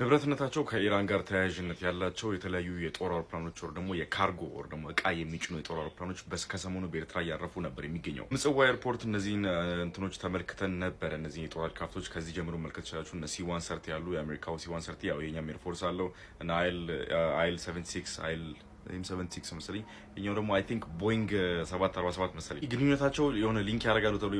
ንብረትነታቸው ከኢራን ጋር ተያያዥነት ያላቸው የተለያዩ የጦር አውሮፕላኖች ወር ደግሞ የካርጎ ወር ደግሞ እቃ የሚጭኑ የጦር አውሮፕላኖች ከሰሞኑ በኤርትራ እያረፉ ነበር የሚገኘው። ምጽዋ ኤርፖርት እነዚህን እንትኖች ተመልክተን ነበረ። እነዚህን የጦር አልካፍቶች ከዚህ ጀምሮ መልከት ይችላችሁ። እነ ሲዋን ሰርቲ ያሉ የአሜሪካው ሲዋን ሰርቲ ያው የኛም ኤርፎርስ አለው እና አይል ሰቨንቲ ሲክስ አይል ወይም 76 መሰለኝ። እኛው ደግሞ አይ ቲንክ ቦይንግ 747 መሰለኝ። ግንኙነታቸው የሆነ ሊንክ ያደርጋሉ ተብሎ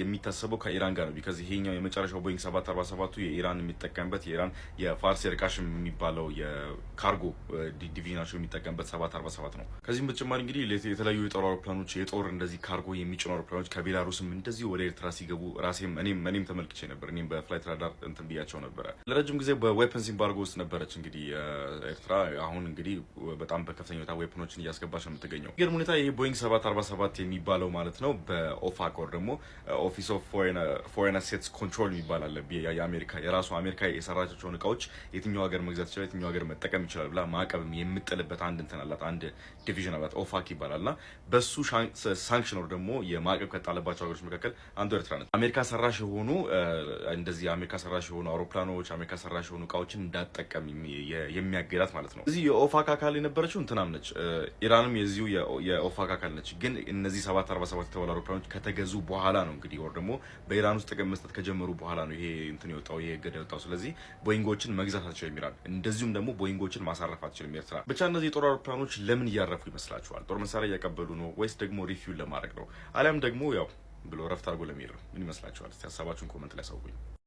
የሚታሰበው ከኢራን ጋር ነው። ቢካዝ ይሄኛው የመጨረሻው ቦይንግ 747ቱ የኢራን የሚጠቀምበት የኢራን የፋርስ የርቃሽ የሚባለው የካርጎ uh, ዲቪዥናቸው የሚጠቀምበት 747 ነው። ከዚህም በተጨማሪ እንግዲህ የተለያዩ የጦር አውሮፕላኖች የጦር እንደዚህ ካርጎ የሚጭኑ አውሮፕላኖች ከቤላሩስም እንደዚህ ወደ ኤርትራ ሲገቡ ራሴም እኔም እኔም ተመልክቼ ነበር። እኔም በፍላይት ራዳር እንትን ብያቸው ነበረ። ለረጅም ጊዜ በዌፐንስ ኢምባርጎ ውስጥ ነበረች እንግዲህ uh, ኤርትራ አሁን እንግዲህ በጣም በከፍ ከፍተኛ ወታ ዌፖኖችን እያስገባች ነው የምትገኘው። ግን ሁኔታ ይህ ቦይንግ 747 የሚባለው ማለት ነው በኦፋክ ወር ደግሞ ኦፊስ ኦፍ ፎሬን አሴትስ ኮንትሮል የሚባል አለ። የአሜሪካ የራሱ አሜሪካ የሰራቻቸውን እቃዎች የትኛው ሀገር መግዛት ይችላል፣ የትኛው ሀገር መጠቀም ይችላል ብላ ማዕቀብም የምጥልበት አንድ እንትን አላት፣ አንድ ዲቪዥን አላት። ኦፋክ ይባላል እና በሱ ሳንክሽኖር ደግሞ የማዕቀብ ከጣለባቸው ሀገሮች መካከል አንዱ ኤርትራ ነች። አሜሪካ ሰራሽ የሆኑ እንደዚህ አሜሪካ ሰራሽ የሆኑ አውሮፕላኖች፣ አሜሪካ ሰራሽ የሆኑ እቃዎችን እንዳጠቀም የሚያገዳት ማለት ነው። እዚህ የኦፋክ አካል የነበረችው እንትናም ነች፣ ኢራንም የዚሁ የኦፋክ አካል ነች። ግን እነዚህ 747 የተባሉ አውሮፕላኖች ከተገዙ በኋላ ነው እንግዲህ ወር ደግሞ በኢራን ውስጥ ጥቅም መስጠት ከጀመሩ በኋላ ነው ይሄ እንትን የወጣው ይሄ እገዳ የወጣው። ስለዚህ ቦይንጎችን መግዛት አትችልም ኢራን፣ እንደዚሁም ደግሞ ቦይንጎችን ማሳረፍ አትችልም ኤርትራ። ብቻ እነዚህ የጦር አውሮፕላኖች ለምን እያረፉ ይመስላችኋል? ጦር መሳሪያ እያቀበሉ ነው ወይስ ደግሞ ሪፊውል ለማድረግ ነው? አሊያም ደግሞ ያው ብሎ ረፍት አድርጎ ለሚሄድ ነው? ምን ይመስላችኋል? እስቲ ሀሳባችሁን ኮመንት ላይ አሳውቁኝ።